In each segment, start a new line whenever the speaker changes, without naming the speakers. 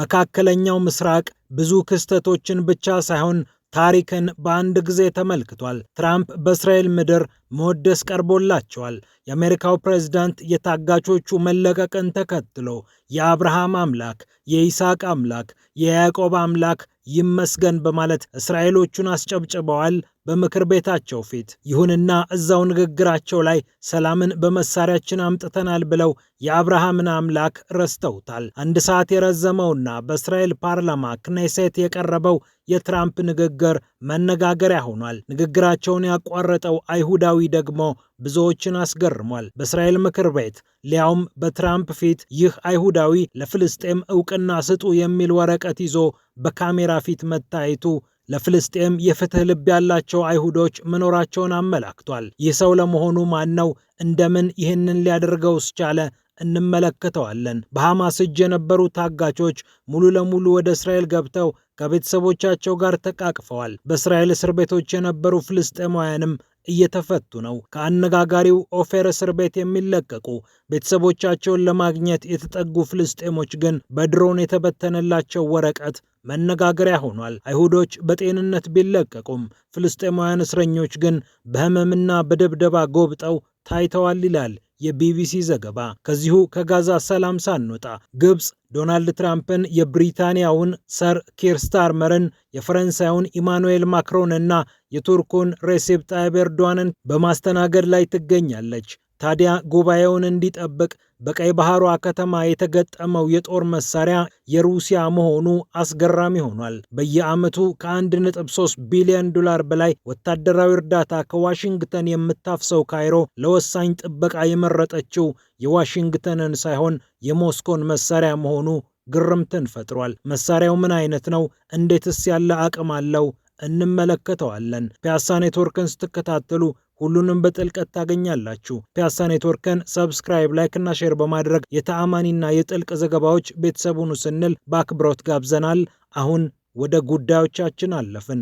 መካከለኛው ምስራቅ ብዙ ክስተቶችን ብቻ ሳይሆን ታሪክን በአንድ ጊዜ ተመልክቷል። ትራምፕ በእስራኤል ምድር መወደስ ቀርቦላቸዋል። የአሜሪካው ፕሬዝዳንት የታጋቾቹ መለቀቅን ተከትሎ የአብርሃም አምላክ፣ የይስሐቅ አምላክ፣ የያዕቆብ አምላክ ይመስገን በማለት እስራኤሎቹን አስጨብጭበዋል፣ በምክር ቤታቸው ፊት። ይሁንና እዛው ንግግራቸው ላይ ሰላምን በመሳሪያችን አምጥተናል ብለው የአብርሃምን አምላክ ረስተውታል። አንድ ሰዓት የረዘመውና በእስራኤል ፓርላማ ክኔሴት የቀረበው የትራምፕ ንግግር መነጋገሪያ ሆኗል። ንግግራቸውን ያቋረጠው አይሁዳዊ ደግሞ ብዙዎችን አስገርሟል። በእስራኤል ምክር ቤት ሊያውም በትራምፕ ፊት ይህ አይሁዳዊ ለፍልስጤም እውቅና ስጡ የሚል ወረቀት ይዞ በካሜራ ፊት መታየቱ ለፍልስጤም የፍትህ ልብ ያላቸው አይሁዶች መኖራቸውን አመላክቷል። ይህ ሰው ለመሆኑ ማን ነው? እንደምን ይህንን ሊያደርገውስ ቻለ? እንመለከተዋለን። በሐማስ እጅ የነበሩ ታጋቾች ሙሉ ለሙሉ ወደ እስራኤል ገብተው ከቤተሰቦቻቸው ጋር ተቃቅፈዋል። በእስራኤል እስር ቤቶች የነበሩ ፍልስጤማውያንም እየተፈቱ ነው። ከአነጋጋሪው ኦፌር እስር ቤት የሚለቀቁ ቤተሰቦቻቸውን ለማግኘት የተጠጉ ፍልስጤሞች ግን በድሮን የተበተነላቸው ወረቀት መነጋገሪያ ሆኗል። አይሁዶች በጤንነት ቢለቀቁም ፍልስጤማውያን እስረኞች ግን በህመምና በደብደባ ጎብጠው ታይተዋል ይላል የቢቢሲ ዘገባ። ከዚሁ ከጋዛ ሰላም ሳንወጣ ግብፅ ዶናልድ ትራምፕን የብሪታንያውን ሰር ኪር ስታርመርን የፈረንሳዩን ኢማኑኤል ማክሮን ና የቱርኩን ሬሴፕ ጣይብ ኤርዶዋንን በማስተናገድ ላይ ትገኛለች። ታዲያ ጉባኤውን እንዲጠብቅ በቀይ ባህሯ ከተማ የተገጠመው የጦር መሳሪያ የሩሲያ መሆኑ አስገራሚ ሆኗል። በየዓመቱ ከ1.3 ቢሊዮን ዶላር በላይ ወታደራዊ እርዳታ ከዋሽንግተን የምታፍሰው ካይሮ ለወሳኝ ጥበቃ የመረጠችው የዋሽንግተንን ሳይሆን የሞስኮን መሳሪያ መሆኑ ግርምትን ፈጥሯል። መሳሪያው ምን አይነት ነው? እንዴትስ ያለ አቅም አለው? እንመለከተዋለን። ፒያሳ ኔትወርክን ስትከታተሉ ሁሉንም በጥልቀት ታገኛላችሁ። ፒያሳ ኔትወርክን ሰብስክራይብ፣ እና ሼር በማድረግ የተአማኒና የጥልቅ ዘገባዎች ቤተሰቡን ስንል በአክብሮት ጋብዘናል። አሁን ወደ ጉዳዮቻችን አለፍን።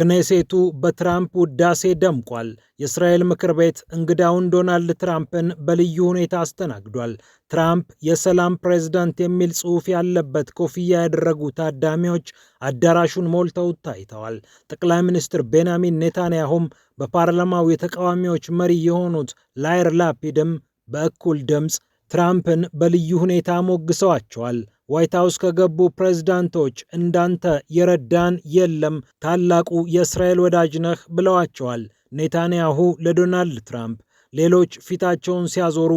ክኔሴቱ በትራምፕ ውዳሴ ደምቋል። የእስራኤል ምክር ቤት እንግዳውን ዶናልድ ትራምፕን በልዩ ሁኔታ አስተናግዷል። ትራምፕ የሰላም ፕሬዝዳንት የሚል ጽሑፍ ያለበት ኮፍያ ያደረጉ ታዳሚዎች አዳራሹን ሞልተው ታይተዋል። ጠቅላይ ሚኒስትር ቤንያሚን ኔታንያሁም በፓርላማው የተቃዋሚዎች መሪ የሆኑት ላይር ላፒድም በእኩል ድምፅ ትራምፕን በልዩ ሁኔታ ሞግሰዋቸዋል። ዋይት ሀውስ ከገቡ ፕሬዝዳንቶች እንዳንተ የረዳን የለም፣ ታላቁ የእስራኤል ወዳጅ ነህ ብለዋቸዋል ኔታንያሁ ለዶናልድ ትራምፕ። ሌሎች ፊታቸውን ሲያዞሩ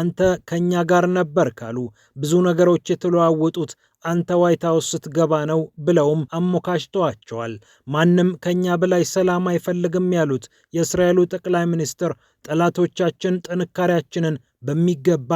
አንተ ከእኛ ጋር ነበር ካሉ ብዙ ነገሮች የተለዋወጡት አንተ ዋይት ሀውስ ስትገባ ነው ብለውም አሞካሽተዋቸዋል። ማንም ከእኛ በላይ ሰላም አይፈልግም ያሉት የእስራኤሉ ጠቅላይ ሚኒስትር ጠላቶቻችን ጥንካሬያችንን በሚገባ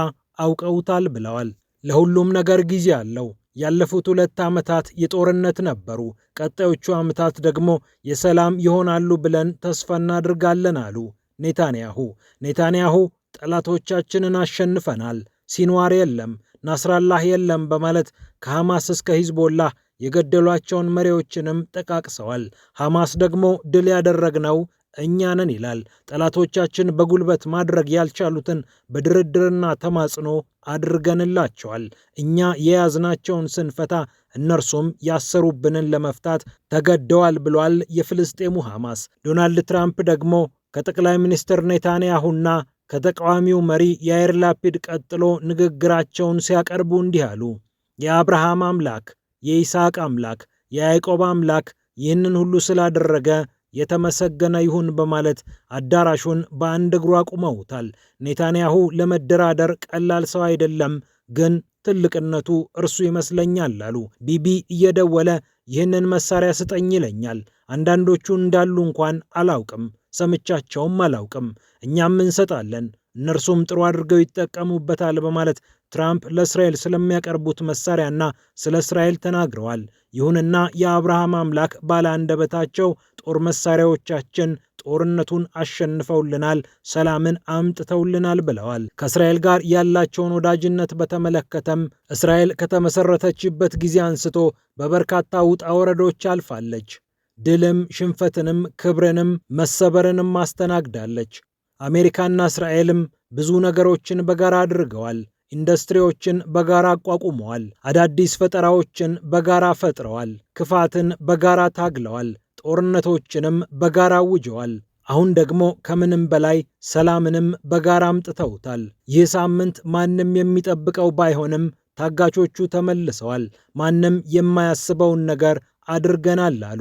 አውቀውታል ብለዋል። ለሁሉም ነገር ጊዜ አለው። ያለፉት ሁለት ዓመታት የጦርነት ነበሩ፣ ቀጣዮቹ ዓመታት ደግሞ የሰላም ይሆናሉ ብለን ተስፋ እናድርጋለን አሉ ኔታንያሁ። ኔታንያሁ ጠላቶቻችንን አሸንፈናል፣ ሲንዋር የለም፣ ናስራላህ የለም በማለት ከሐማስ እስከ ሂዝቦላህ የገደሏቸውን መሪዎችንም ጠቃቅሰዋል። ሐማስ ደግሞ ድል ያደረግነው እኛ ነን ይላል። ጠላቶቻችን በጉልበት ማድረግ ያልቻሉትን በድርድርና ተማጽኖ አድርገንላቸዋል። እኛ የያዝናቸውን ስንፈታ እነርሱም ያሰሩብንን ለመፍታት ተገደዋል ብሏል የፍልስጤሙ ሐማስ። ዶናልድ ትራምፕ ደግሞ ከጠቅላይ ሚኒስትር ኔታንያሁና ከተቃዋሚው መሪ የአይር ላፒድ ቀጥሎ ንግግራቸውን ሲያቀርቡ እንዲህ አሉ። የአብርሃም አምላክ፣ የይስሐቅ አምላክ፣ የያዕቆብ አምላክ ይህንን ሁሉ ስላደረገ የተመሰገነ ይሁን በማለት አዳራሹን በአንድ እግሩ አቁመውታል። ኔታንያሁ ለመደራደር ቀላል ሰው አይደለም፣ ግን ትልቅነቱ እርሱ ይመስለኛል አሉ። ቢቢ እየደወለ ይህንን መሳሪያ ስጠኝ ይለኛል። አንዳንዶቹ እንዳሉ እንኳን አላውቅም፣ ሰምቻቸውም አላውቅም። እኛም እንሰጣለን፣ እነርሱም ጥሩ አድርገው ይጠቀሙበታል በማለት ትራምፕ ለእስራኤል ስለሚያቀርቡት መሳሪያና ስለ እስራኤል ተናግረዋል። ይሁንና የአብርሃም አምላክ ባለአንደበታቸው ጦር መሳሪያዎቻችን ጦርነቱን አሸንፈውልናል፣ ሰላምን አምጥተውልናል ብለዋል። ከእስራኤል ጋር ያላቸውን ወዳጅነት በተመለከተም እስራኤል ከተመሰረተችበት ጊዜ አንስቶ በበርካታ ውጣ ወረዶች አልፋለች። ድልም ሽንፈትንም ክብርንም መሰበርንም አስተናግዳለች። አሜሪካና እስራኤልም ብዙ ነገሮችን በጋራ አድርገዋል። ኢንዱስትሪዎችን በጋራ አቋቁመዋል። አዳዲስ ፈጠራዎችን በጋራ ፈጥረዋል። ክፋትን በጋራ ታግለዋል። ጦርነቶችንም በጋራ አውጀዋል። አሁን ደግሞ ከምንም በላይ ሰላምንም በጋራ አምጥተውታል። ይህ ሳምንት ማንም የሚጠብቀው ባይሆንም ታጋቾቹ ተመልሰዋል። ማንም የማያስበውን ነገር አድርገናል አሉ።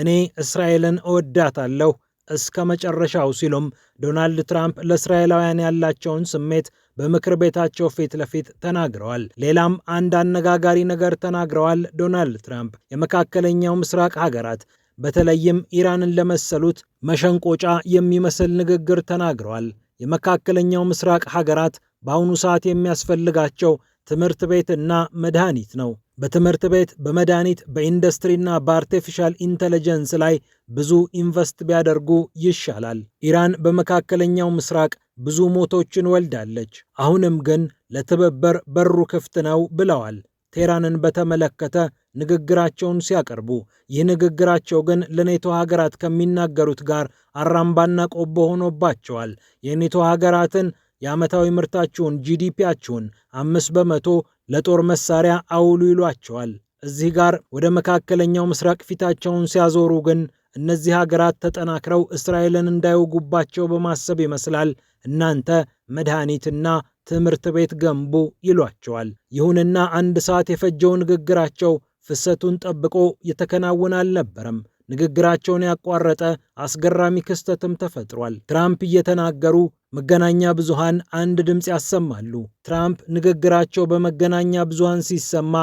እኔ እስራኤልን እወዳታለሁ እስከ መጨረሻው ሲሉም ዶናልድ ትራምፕ ለእስራኤላውያን ያላቸውን ስሜት በምክር ቤታቸው ፊት ለፊት ተናግረዋል። ሌላም አንድ አነጋጋሪ ነገር ተናግረዋል ዶናልድ ትራምፕ የመካከለኛው ምስራቅ ሀገራት በተለይም ኢራንን ለመሰሉት መሸንቆጫ የሚመስል ንግግር ተናግረዋል። የመካከለኛው ምስራቅ ሀገራት በአሁኑ ሰዓት የሚያስፈልጋቸው ትምህርት ቤትና መድኃኒት ነው። በትምህርት ቤት፣ በመድኃኒት፣ በኢንዱስትሪና በአርቴፊሻል ኢንተለጀንስ ላይ ብዙ ኢንቨስት ቢያደርጉ ይሻላል። ኢራን በመካከለኛው ምስራቅ ብዙ ሞቶችን ወልዳለች፣ አሁንም ግን ለትብብር በሩ ክፍት ነው ብለዋል ቴህራንን በተመለከተ ንግግራቸውን ሲያቀርቡ። ይህ ንግግራቸው ግን ለኔቶ ሀገራት ከሚናገሩት ጋር አራምባና ቆቦ ሆኖባቸዋል። የኔቶ ሀገራትን የዓመታዊ ምርታችሁን ጂዲፒያችሁን አምስት በመቶ ለጦር መሳሪያ አውሉ ይሏቸዋል። እዚህ ጋር ወደ መካከለኛው ምስራቅ ፊታቸውን ሲያዞሩ ግን እነዚህ ሀገራት ተጠናክረው እስራኤልን እንዳይወጉባቸው በማሰብ ይመስላል እናንተ መድኃኒትና ትምህርት ቤት ገንቡ ይሏቸዋል። ይሁንና አንድ ሰዓት የፈጀው ንግግራቸው ፍሰቱን ጠብቆ የተከናወነ አልነበረም። ንግግራቸውን ያቋረጠ አስገራሚ ክስተትም ተፈጥሯል። ትራምፕ እየተናገሩ መገናኛ ብዙሃን አንድ ድምፅ ያሰማሉ። ትራምፕ ንግግራቸው በመገናኛ ብዙሃን ሲሰማ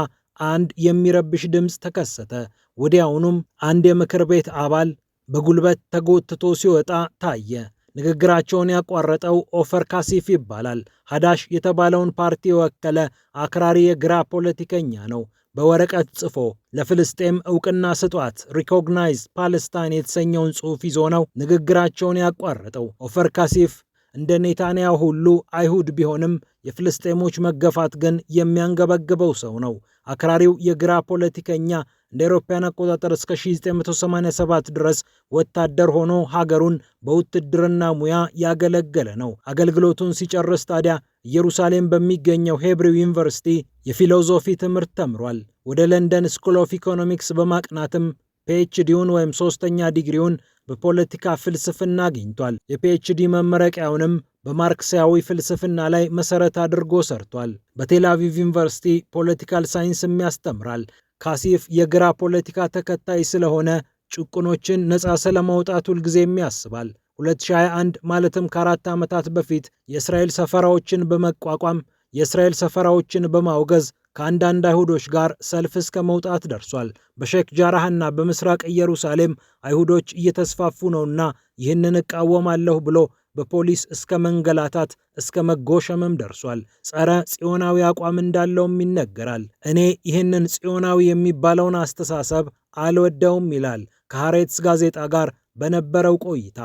አንድ የሚረብሽ ድምፅ ተከሰተ። ወዲያውኑም አንድ የምክር ቤት አባል በጉልበት ተጎትቶ ሲወጣ ታየ። ንግግራቸውን ያቋረጠው ኦፈር ካሲፍ ይባላል። ሀዳሽ የተባለውን ፓርቲ የወከለ አክራሪ የግራ ፖለቲከኛ ነው። በወረቀት ጽፎ ለፍልስጤም እውቅና ስጧት ሪኮግናይዝ ፓለስታይን የተሰኘውን ጽሑፍ ይዞ ነው ንግግራቸውን ያቋረጠው። ኦፈር ካሲፍ እንደ ኔታንያ ሁሉ አይሁድ ቢሆንም የፍልስጤሞች መገፋት ግን የሚያንገበግበው ሰው ነው። አክራሪው የግራ ፖለቲከኛ እንደ አውሮፓውያን አቆጣጠር እስከ 1987 ድረስ ወታደር ሆኖ ሀገሩን በውትድርና ሙያ ያገለገለ ነው። አገልግሎቱን ሲጨርስ ታዲያ ኢየሩሳሌም በሚገኘው ሄብሪው ዩኒቨርሲቲ የፊሎዞፊ ትምህርት ተምሯል። ወደ ለንደን ስኩል ኦፍ ኢኮኖሚክስ በማቅናትም ፒኤችዲውን ወይም ሶስተኛ ዲግሪውን በፖለቲካ ፍልስፍና አግኝቷል። የፒኤችዲ መመረቂያውንም በማርክሳዊ ፍልስፍና ላይ መሰረት አድርጎ ሰርቷል። በቴላቪቭ ዩኒቨርሲቲ ፖለቲካል ሳይንስም ያስተምራል። ካሲፍ የግራ ፖለቲካ ተከታይ ስለሆነ ጭቁኖችን ነጻ ስለማውጣት ሁልጊዜም ያስባል። 2021 ማለትም ከአራት ዓመታት በፊት የእስራኤል ሰፈራዎችን በመቋቋም የእስራኤል ሰፈራዎችን በማውገዝ ከአንዳንድ አይሁዶች ጋር ሰልፍ እስከ መውጣት ደርሷል። በሼክ ጃራህና በምስራቅ ኢየሩሳሌም አይሁዶች እየተስፋፉ ነውና ይህንን እቃወማለሁ ብሎ በፖሊስ እስከ መንገላታት እስከ መጎሸምም ደርሷል። ጸረ ጽዮናዊ አቋም እንዳለውም ይነገራል። እኔ ይህንን ጽዮናዊ የሚባለውን አስተሳሰብ አልወደውም ይላል ከሐሬትስ ጋዜጣ ጋር በነበረው ቆይታ።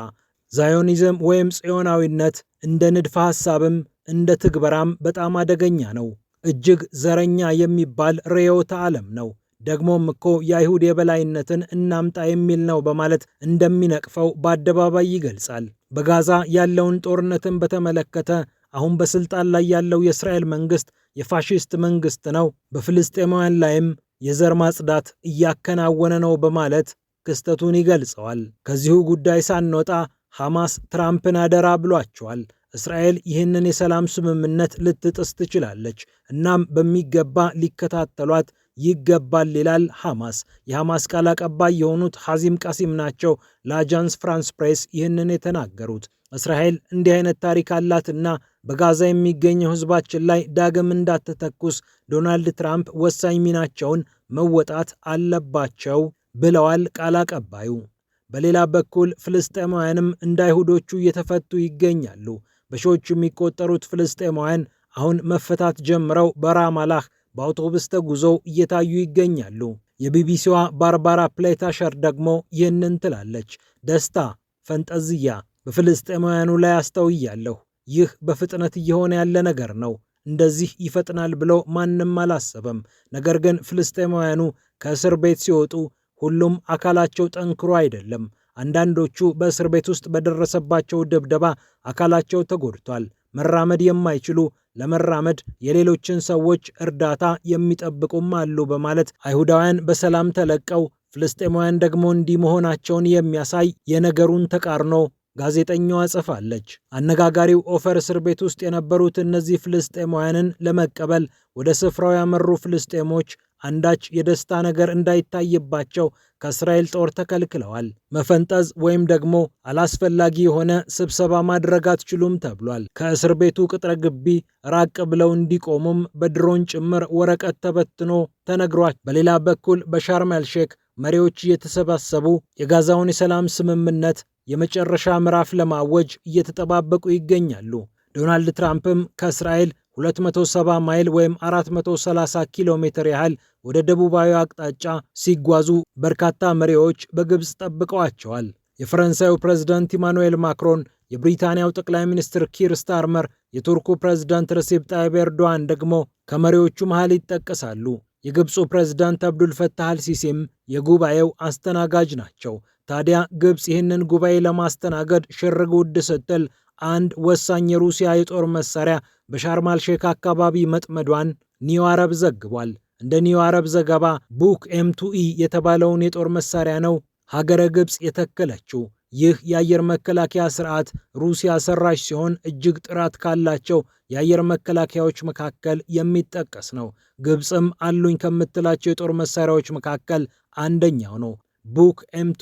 ዛዮኒዝም ወይም ጽዮናዊነት እንደ ንድፈ ሐሳብም እንደ ትግበራም በጣም አደገኛ ነው። እጅግ ዘረኛ የሚባል ርዕዮተ ዓለም ነው። ደግሞም እኮ የአይሁድ የበላይነትን እናምጣ የሚል ነው በማለት እንደሚነቅፈው በአደባባይ ይገልጻል። በጋዛ ያለውን ጦርነትን በተመለከተ አሁን በስልጣን ላይ ያለው የእስራኤል መንግስት የፋሽስት መንግስት ነው፣ በፍልስጤማውያን ላይም የዘር ማጽዳት እያከናወነ ነው በማለት ክስተቱን ይገልጸዋል። ከዚሁ ጉዳይ ሳንወጣ ሐማስ ትራምፕን አደራ ብሏቸዋል። እስራኤል ይህንን የሰላም ስምምነት ልትጥስ ትችላለች፣ እናም በሚገባ ሊከታተሏት ይገባል ይላል ሐማስ። የሐማስ ቃል አቀባይ የሆኑት ሐዚም ቃሲም ናቸው ለአጃንስ ፍራንስ ፕሬስ ይህንን የተናገሩት። እስራኤል እንዲህ አይነት ታሪክ አላትና በጋዛ የሚገኘው ሕዝባችን ላይ ዳግም እንዳትተኩስ ዶናልድ ትራምፕ ወሳኝ ሚናቸውን መወጣት አለባቸው ብለዋል ቃል አቀባዩ። በሌላ በኩል ፍልስጤማውያንም እንደ አይሁዶቹ እየተፈቱ ይገኛሉ። በሺዎቹ የሚቆጠሩት ፍልስጤማውያን አሁን መፈታት ጀምረው በራማላህ በአውቶቡስ ተጉዘው እየታዩ ይገኛሉ። የቢቢሲዋ ባርባራ ፕሌታሸር ደግሞ ይህንን ትላለች። ደስታ፣ ፈንጠዝያ በፍልስጤማውያኑ ላይ አስተውያለሁ። ይህ በፍጥነት እየሆነ ያለ ነገር ነው። እንደዚህ ይፈጥናል ብሎ ማንም አላሰበም። ነገር ግን ፍልስጤማውያኑ ከእስር ቤት ሲወጡ ሁሉም አካላቸው ጠንክሮ አይደለም አንዳንዶቹ በእስር ቤት ውስጥ በደረሰባቸው ድብደባ አካላቸው ተጎድቷል። መራመድ የማይችሉ ለመራመድ የሌሎችን ሰዎች እርዳታ የሚጠብቁም አሉ በማለት አይሁዳውያን በሰላም ተለቀው ፍልስጤማውያን ደግሞ እንዲህ መሆናቸውን የሚያሳይ የነገሩን ተቃርኖ ጋዜጠኛዋ ጽፋለች። አነጋጋሪው ኦፈር እስር ቤት ውስጥ የነበሩት እነዚህ ፍልስጤማውያንን ለመቀበል ወደ ስፍራው ያመሩ ፍልስጤሞች አንዳች የደስታ ነገር እንዳይታይባቸው ከእስራኤል ጦር ተከልክለዋል። መፈንጠዝ ወይም ደግሞ አላስፈላጊ የሆነ ስብሰባ ማድረግ አትችሉም ተብሏል። ከእስር ቤቱ ቅጥረ ግቢ ራቅ ብለው እንዲቆሙም በድሮን ጭምር ወረቀት ተበትኖ ተነግሯል። በሌላ በኩል በሻርም ኤልሼክ መሪዎች እየተሰባሰቡ የጋዛውን የሰላም ስምምነት የመጨረሻ ምዕራፍ ለማወጅ እየተጠባበቁ ይገኛሉ። ዶናልድ ትራምፕም ከእስራኤል 270 ማይል ወይም 430 ኪሎ ሜትር ያህል ወደ ደቡባዊ አቅጣጫ ሲጓዙ በርካታ መሪዎች በግብፅ ጠብቀዋቸዋል። የፈረንሳዩ ፕሬዝዳንት ኢማኑኤል ማክሮን፣ የብሪታንያው ጠቅላይ ሚኒስትር ኪር ስታርመር፣ የቱርኩ ፕሬዝዳንት ረሴፕ ጣይብ ኤርዶዋን ደግሞ ከመሪዎቹ መሃል ይጠቀሳሉ። የግብፁ ፕሬዝዳንት አብዱልፈታህ አልሲሲም የጉባኤው አስተናጋጅ ናቸው። ታዲያ ግብፅ ይህንን ጉባኤ ለማስተናገድ ሽር ጉድ ስትል አንድ ወሳኝ የሩሲያ የጦር መሳሪያ በሻርማልሼክ አካባቢ መጥመዷን ኒው አረብ ዘግቧል። እንደ ኒው አረብ ዘገባ ቡክ ኤምቱኢ የተባለውን የጦር መሳሪያ ነው ሀገረ ግብፅ የተከለችው። ይህ የአየር መከላከያ ስርዓት ሩሲያ ሰራሽ ሲሆን እጅግ ጥራት ካላቸው የአየር መከላከያዎች መካከል የሚጠቀስ ነው። ግብፅም አሉኝ ከምትላቸው የጦር መሳሪያዎች መካከል አንደኛው ነው። ቡክ ኤምቱ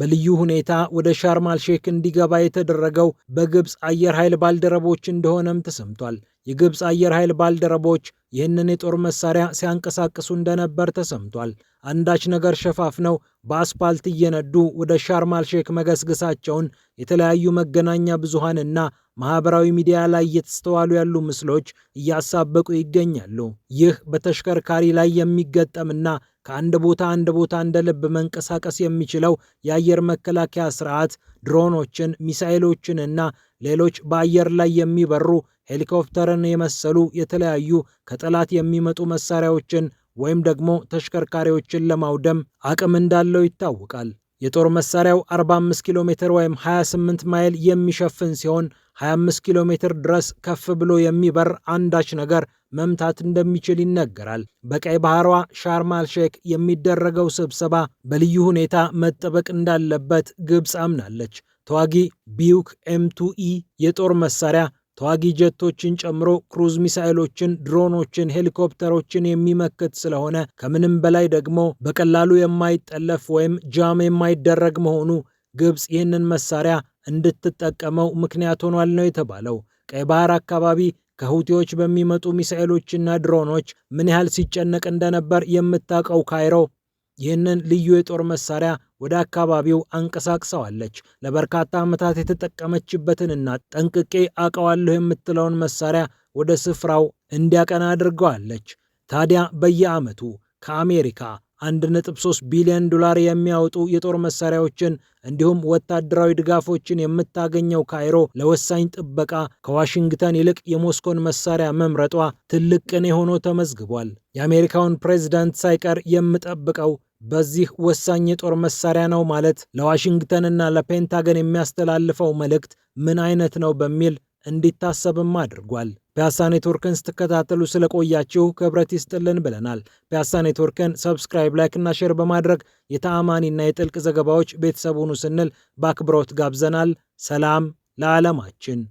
በልዩ ሁኔታ ወደ ሻርማል ሼክ እንዲገባ የተደረገው በግብፅ አየር ኃይል ባልደረቦች እንደሆነም ተሰምቷል። የግብፅ አየር ኃይል ባልደረቦች ይህንን የጦር መሳሪያ ሲያንቀሳቅሱ እንደነበር ተሰምቷል። አንዳች ነገር ሸፋፍነው በአስፓልት እየነዱ ወደ ሻርማል ሼክ መገስገሳቸውን የተለያዩ መገናኛ ብዙሃንና ማህበራዊ ሚዲያ ላይ እየተስተዋሉ ያሉ ምስሎች እያሳበቁ ይገኛሉ። ይህ በተሽከርካሪ ላይ የሚገጠምና ከአንድ ቦታ አንድ ቦታ እንደ ልብ መንቀሳቀስ የሚችለው የአየር መከላከያ ስርዓት ድሮኖችን፣ ሚሳይሎችንና ሌሎች በአየር ላይ የሚበሩ ሄሊኮፕተርን የመሰሉ የተለያዩ ከጠላት የሚመጡ መሳሪያዎችን ወይም ደግሞ ተሽከርካሪዎችን ለማውደም አቅም እንዳለው ይታወቃል። የጦር መሳሪያው 45 ኪሎ ሜትር ወይም 28 ማይል የሚሸፍን ሲሆን 25 ኪሎ ሜትር ድረስ ከፍ ብሎ የሚበር አንዳች ነገር መምታት እንደሚችል ይነገራል። በቀይ ባህሯ ሻርማል ሼክ የሚደረገው ስብሰባ በልዩ ሁኔታ መጠበቅ እንዳለበት ግብፅ አምናለች። ተዋጊ ቢዩክ ኤምቱኢ የጦር መሳሪያ ተዋጊ ጀቶችን ጨምሮ ክሩዝ ሚሳኤሎችን፣ ድሮኖችን፣ ሄሊኮፕተሮችን የሚመክት ስለሆነ ከምንም በላይ ደግሞ በቀላሉ የማይጠለፍ ወይም ጃም የማይደረግ መሆኑ ግብፅ ይህንን መሳሪያ እንድትጠቀመው ምክንያት ሆኗል ነው የተባለው። ቀይ ባህር አካባቢ ከሁቲዎች በሚመጡ ሚሳኤሎችና ድሮኖች ምን ያህል ሲጨነቅ እንደነበር የምታውቀው ካይሮ ይህንን ልዩ የጦር መሳሪያ ወደ አካባቢው አንቀሳቅሰዋለች። ለበርካታ ዓመታት የተጠቀመችበትንና ጠንቅቄ አውቀዋለሁ የምትለውን መሳሪያ ወደ ስፍራው እንዲያቀና አድርገዋለች። ታዲያ በየዓመቱ ከአሜሪካ 1.3 ቢሊዮን ዶላር የሚያወጡ የጦር መሳሪያዎችን እንዲሁም ወታደራዊ ድጋፎችን የምታገኘው ካይሮ ለወሳኝ ጥበቃ ከዋሽንግተን ይልቅ የሞስኮን መሳሪያ መምረጧ ትልቅ ቅኔ ሆኖ ተመዝግቧል። የአሜሪካውን ፕሬዝዳንት ሳይቀር የምጠብቀው በዚህ ወሳኝ የጦር መሳሪያ ነው ማለት ለዋሽንግተንና ለፔንታገን የሚያስተላልፈው መልእክት ምን አይነት ነው በሚል እንዲታሰብም አድርጓል። ፒያሳ ኔትወርክን ስትከታተሉ ስለቆያችሁ ክብረት ይስጥልን ብለናል። ፒያሳ ኔትወርክን ሰብስክራይብ፣ ላይክ እና ሼር በማድረግ የተአማኒና የጥልቅ ዘገባዎች ቤተሰቡን ስንል በአክብሮት ጋብዘናል። ሰላም ለዓለማችን።